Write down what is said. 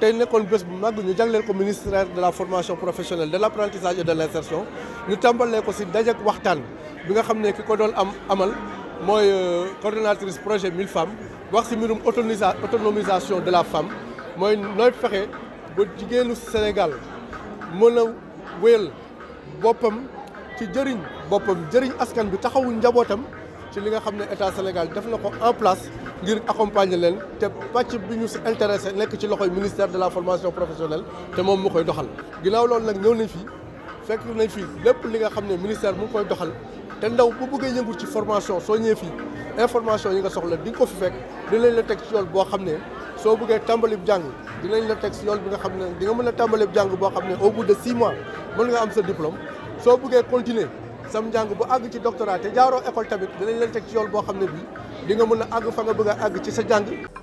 tey nekkoon bés bu màgg ñu jagleel ko ministère de la formation professionnelle de l' apprentissage et de l' insertion ñu tàmbalee ko si dajeek waxtaan bi nga xam ne ki ko doon am amal mooy euh, coordonnatrice projet 1000 femmes wax si mbirum autonomisation de la femme mooy nooy fexe ba jigéenu Sénégal mën a wéyal boppam ci jëriñ boppam jëriñ askan bi taxawu njabootam. ci li nga xam ne état Sénégal def na ko en place ngir accompagner leen te pàcc bi ñu si intéressé nekk ci loxo ministère de la formation professionnelle te moom mu koy doxal. ginnaaw loolu nag ñëw nañ fi fekk nañ fi lépp li nga xam ne ministère mu ngi koy doxal te ndaw bu bëggee yëngu ci formation soo ñëwee fii information yi nga soxla di nga ko fi fekk dinañ la teg ci yoon boo xam ne soo bëggee tàmbali jàng dinañ la teg si yoon bi nga xam ne di nga mën a tàmbali jàng boo xam ne au bout de six mois mën nga am sa diplôme soo sam njàng bu àgg ci doctorat te jaaroo école tamit dinañ la teg ci yool boo xam ne bii di nga mën a àgg fa nga bëgg àgg ci sa jàng